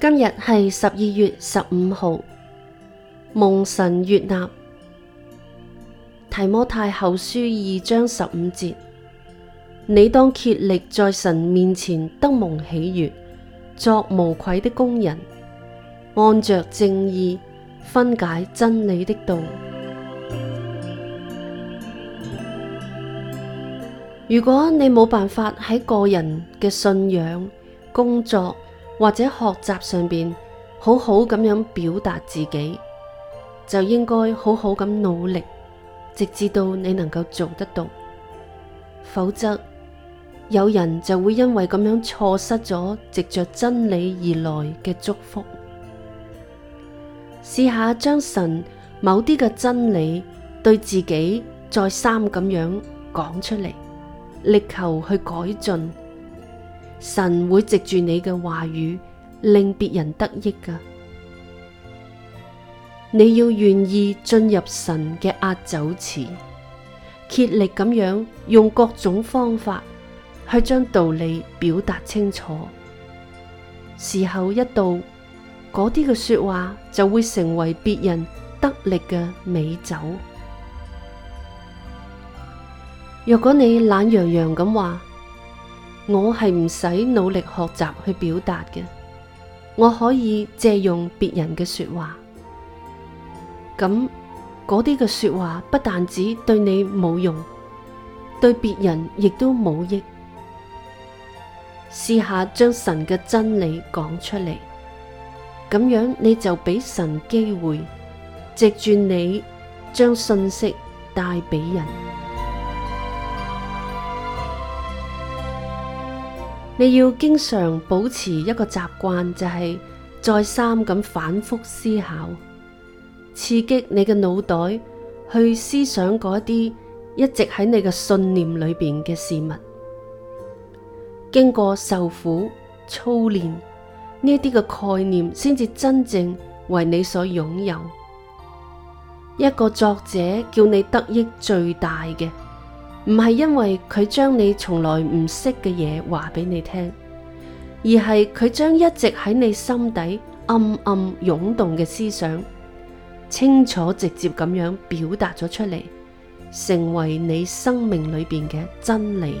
今日係十二月十五號，蒙神悅納，提摩太後書二章十五節，你當竭力在神面前得蒙喜悅，作無愧的工人，按着正義分解真理的道。如果你冇辦法喺個人嘅信仰、工作或者學習上邊好好咁樣表達自己，就應該好好咁努力，直至到你能夠做得到。否則，有人就會因為咁樣錯失咗藉着真理而來嘅祝福。試下將神某啲嘅真理對自己再三咁樣講出嚟。力求去改進，神會藉住你嘅話語令別人得益㗎。你要願意進入神嘅壓酒池，竭力咁樣用各種方法去將道理表達清楚。時候一到，嗰啲嘅說話就會成為別人得力嘅美酒。如果你懶洋洋咁話，我係唔使努力學習去表達嘅，我可以借用別人嘅說話。咁嗰啲嘅說話不但止對你冇用，對別人亦都冇益。試下將神嘅真理講出嚟，咁樣你就俾神機會，藉住你將信息帶俾人。你要經常保持一個習慣，就係、是、再三咁反復思考，刺激你嘅腦袋去思想嗰一啲一直喺你嘅信念裏面嘅事物。經過受苦、操練呢啲嘅概念，先至真正為你所擁有。一個作者叫你得益最大嘅，唔係因為佢將你從來唔識嘅嘢話畀你聽，而係佢將一直喺你心底暗暗湧動嘅思想，清楚直接咁樣表達咗出嚟，成為你生命裏面嘅真理。